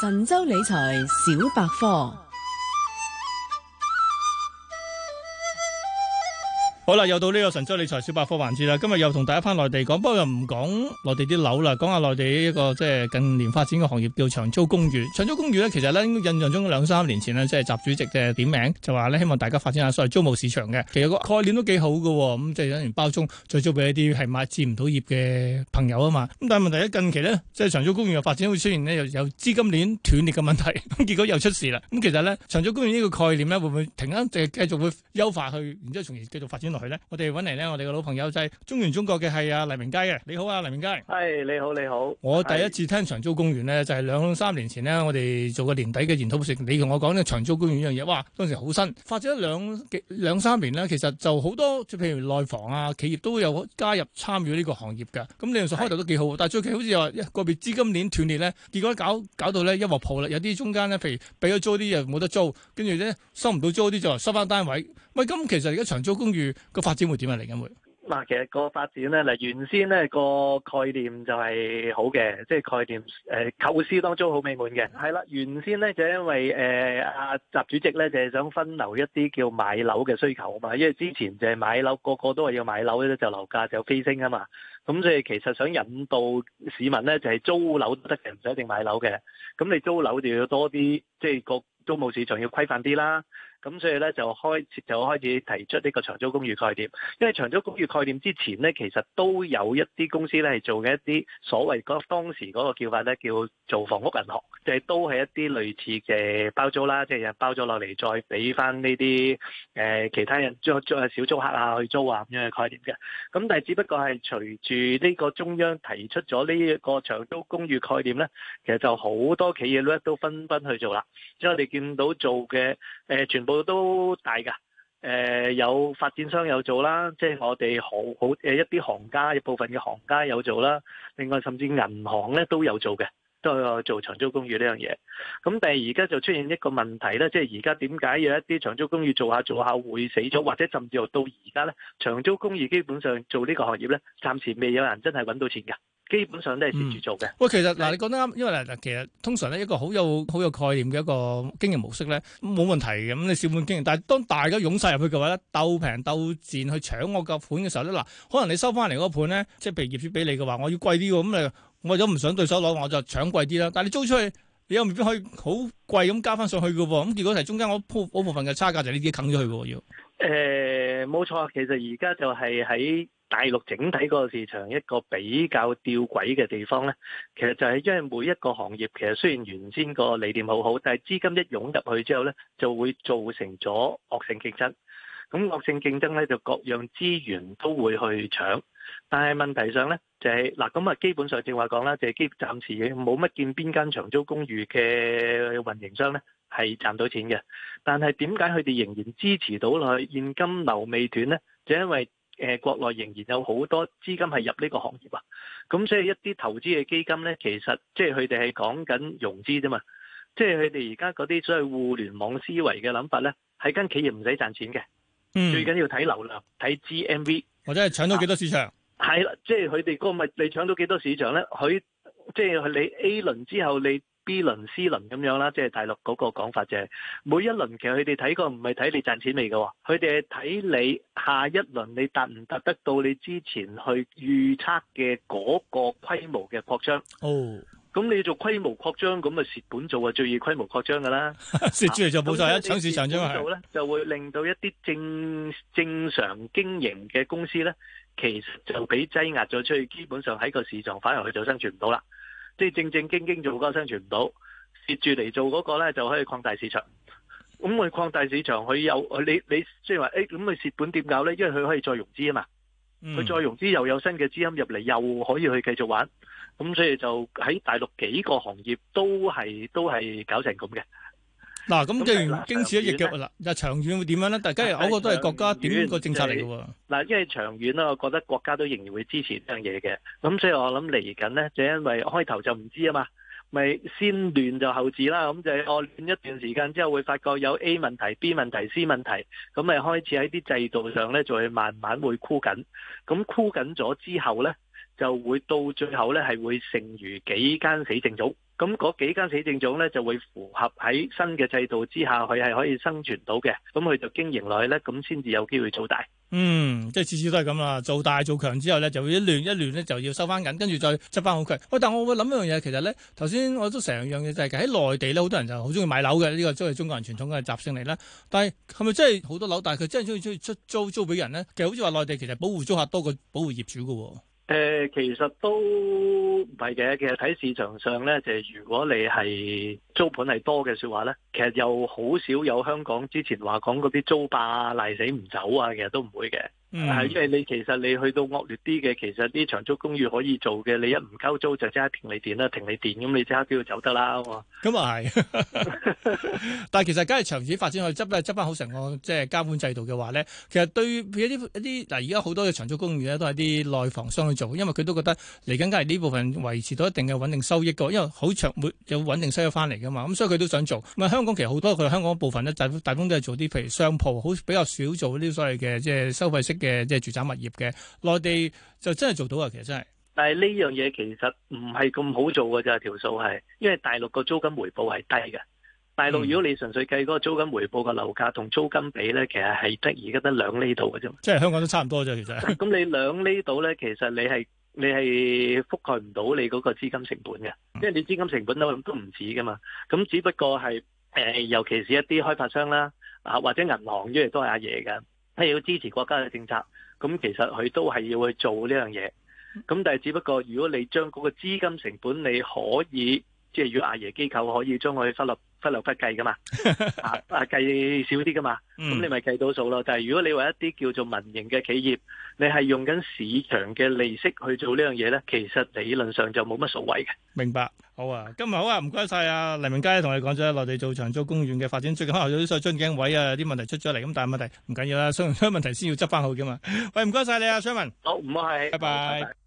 神州理財小百科。好啦，又到呢個神州理財小百科環節啦。今日又同大家返內地講，不過又唔講內地啲樓啦，講下內地一個即係近年發展嘅行業叫長租公寓。長租公寓咧，其實咧印象中兩三年前呢，即係習主席嘅點名，就話咧希望大家發展下所謂租務市場嘅。其實個概念都幾好㗎喎。咁即係有人包租再租俾一啲係買置唔到業嘅朋友啊嘛。咁但係問題喺近期咧，即係長租公寓嘅發展會出現咧又有資金鏈斷裂嘅問題，咁結果又出事啦。咁其實咧長租公寓呢個概念咧會唔會停緊定繼續會優化去，然之後從而繼續發展落去？我哋揾嚟呢，我哋嘅老朋友就係中原中國嘅係阿黎明楷嘅。你好啊，黎明楷。係、hey, 你好，你好。我第一次聽長租公寓咧，就係兩三年前呢，我哋做個年底嘅研討會你同我講咧長租公寓呢樣嘢，哇，當時好新，發展咗兩兩三年呢，其實就好多，即譬如內房啊，企業都有加入參與呢個行業嘅。咁你話開頭都幾好，Hey. 但係最近好似又話個別資金鏈斷裂咧，結果搞搞到咧一鑊泡啦。有啲中間咧，譬如俾咗租啲又冇得租，跟住咧收唔到租啲就收翻單位。喂，咁其實而家長租公寓？發個發展會點啊？嚟緊會嗱，其實個發展咧，嗱原先咧個概念就係好嘅，即、就、係、是、概念誒、呃，構思當中好美滿嘅，係啦。原先咧就是、因為誒阿習主席咧就係、是、想分流一啲叫買樓嘅需求啊嘛，因為之前就係買樓個個都話要買樓咧，就樓價就飛升啊嘛。咁所以其實想引導市民咧就係、是、租樓得嘅，唔使一定買樓嘅。咁你租樓就要多啲，即、就、係、是、個。租務市場要規範啲啦，咁所以咧就開始就開始提出呢個長租公寓概念。因為長租公寓概念之前咧，其實都有一啲公司咧係做嘅一啲所謂嗰當時嗰個叫法咧，叫做房屋銀行，即係都係一啲類似嘅包租啦，即係包咗落嚟再俾翻呢啲誒其他人再再小租客啊去租啊咁樣嘅概念嘅。咁但係只不過係隨住呢個中央提出咗呢個長租公寓概念咧，其實就好多企業咧都紛紛去做啦。即係我哋叫。見到做嘅誒，全部都大噶，誒有發展商有做啦，即係我哋好誒一啲行家，一部分嘅行家有做啦，另外甚至銀行咧都有做嘅，都有做長租公寓呢樣嘢。咁但係而家就出現一個問題咧，即係而家點解有一啲長租公寓做下做下會死咗，或者甚至到而家咧，長租公寓基本上做呢個行業咧，暫時未有人真係搵到錢噶。基本上都係業主做嘅。喂、嗯，其實嗱，你講得啱，因為嗱嗱，其實通常咧一個好有好有概念嘅一個經營模式咧，冇問題嘅。咁你小本經營，但係當大家湧晒入去嘅話咧，鬥平鬥賤去搶我個盤嘅時候咧，嗱，可能你收翻嚟嗰個盤咧，即係譬如業主俾你嘅話，我要貴啲嘅，咁你為咗唔想對手攞，我就搶貴啲啦。但係你租出去，你又未必可以好貴咁加翻上去嘅。咁結果係中間我部分嘅差價就你自己啃咗去嘅要。誒、呃，冇錯，其實而家就係喺。大陸整體個市場一個比較吊詭嘅地方呢，其實就係因為每一個行業其實雖然原先個理念好好，但係資金一湧入去之後呢，就會造成咗惡性競爭。咁惡性競爭呢，就各樣資源都會去搶。但係問題上呢，就係嗱咁啊，那基本上正話講啦，就係、係、基暫時冇乜見邊間長租公寓嘅運營商呢，係賺到錢嘅。但係點解佢哋仍然支持到落去，現金流未斷呢？就因為誒，國內仍然有好多資金係入呢個行業啊，咁所以一啲投資嘅基金咧，其實即係佢哋係講緊融資啫嘛，即係佢哋而家嗰啲所謂互聯網思維嘅諗法咧，係跟企業唔使賺錢嘅，嗯，最緊要睇流量，睇 GMV，或者係搶到幾多市場？係啦、啊，即係佢哋嗰個咪你搶到幾多市場咧？佢即係你 A 輪之後你 B 輪、C 輪咁樣啦，即係大陸嗰個講法就係、是，每一輪其實佢哋睇過唔係睇你賺錢未噶，佢哋係睇你下一輪你達唔達得到你之前去預測嘅嗰個規模嘅擴張。哦，咁你做規模擴張，咁啊蝕本做最規 啊最易規模擴張噶啦，蝕豬嚟做冇晒，一搶市場啫嘛？就咧就會令到一啲正正常經營嘅公司咧，其實就俾擠壓咗出去，基本上喺個市場反而佢就生存唔到啦。即係正正經經做嗰個生存唔到，蝕住嚟做嗰個咧就可以擴大市場。咁佢擴大市場，佢又，你你即係話，誒咁佢蝕本點搞咧？因為佢可以再融資啊嘛。佢、嗯、再融資又有新嘅資金入嚟，又可以去繼續玩。咁所以就喺大陸幾個行業都係都係搞成咁嘅。嗱，咁、啊嗯嗯、既然經此一役，嗱，又長遠會點樣咧？大家又覺得都係國家點個政策嚟嘅喎。嗱、就是，因為長遠咧，我覺得國家都仍然會支持呢樣嘢嘅。咁所以我諗嚟緊咧，就因為開頭就唔知啊嘛，咪先亂就後治啦。咁就我亂一段時間之後，會發覺有 A 問題、B 問題、C 問題。咁咪開始喺啲制度上咧，就會慢慢會箍緊。咁箍緊咗之後咧，就會到最後咧，係會剩餘幾間死正組。咁嗰幾間死政總咧，就會符合喺新嘅制度之下，佢係可以生存到嘅。咁佢就經營落去咧，咁先至有機會做大。嗯，即係次次都係咁啦。做大做強之後咧，就會一亂一亂咧，就要收翻緊，跟住再執翻好佢。喂，但係我會諗一樣嘢，其實咧，頭先我都成樣嘢就係喺內地咧，好多人就好中意買樓嘅，呢個都係中國人傳統嘅習性嚟啦。但係係咪真係好多樓？但係佢真係中意中意出租租俾人咧？其實好似話內地其實保護租客多過保護業主㗎喎。誒，其實都唔係嘅，其實睇市場上咧，就係、如果你係租盤係多嘅說話咧，其實又好少有香港之前話講嗰啲租霸啊，賴死唔走啊，其實都唔會嘅。係，嗯、因為你其實你去到惡劣啲嘅，其實啲長租公寓可以做嘅，你一唔交租就即刻停你電啦，停你電咁你即刻叫佢走得啦。咁啊係，但係其實梗係長子發展去執咧，執翻好成個即係監管制度嘅話咧，其實對於一啲一啲嗱，而家好多嘅長租公寓咧都係啲內房商去做，因為佢都覺得嚟緊梗係呢部分維持到一定嘅穩定收益噶，因為好長會有穩定收益翻嚟噶嘛，咁所以佢都想做。咁啊，香港其實好多佢香港部分咧大大部分都係做啲譬如商鋪，好比較少做呢啲所謂嘅即係收費式。嘅即係住宅物業嘅，內地就真係做到啊！其實真係，但係呢樣嘢其實唔係咁好做噶咋條數係，因為大陸個租金回報係低嘅。大陸如果你純粹計嗰個租金回報嘅樓價同租金比咧，其實係得而家得兩厘度嘅啫。即係香港都差唔多啫，其實。咁你兩厘度咧，其實你係你係覆蓋唔到你嗰個資金成本嘅， 因為你資金成本都都唔止噶嘛。咁只不過係誒，尤其是一啲開發商啦啊，或者銀行，因為都係阿爺噶。係要支持國家嘅政策，咁其實佢都係要去做呢樣嘢。咁但係只不過，如果你將嗰個資金成本，你可以即係如果亞爺機構可以將佢忽略忽略不計噶嘛， 啊，啊計少啲噶嘛，咁你咪計到數咯。嗯、但係如果你話一啲叫做民營嘅企業，你係用緊市場嘅利息去做呢樣嘢咧，其實理論上就冇乜所謂嘅。明白。好啊，今日好啊，唔該晒啊黎明楷，同你講咗內地做長租公寓嘅發展，最近可能有啲在樽頸位啊啲問題出咗嚟，咁但係問題唔緊要啦，所以啲問題先要執翻好㗎嘛。喂，唔該晒你啊，昌文。好、哦，唔該，係。拜拜。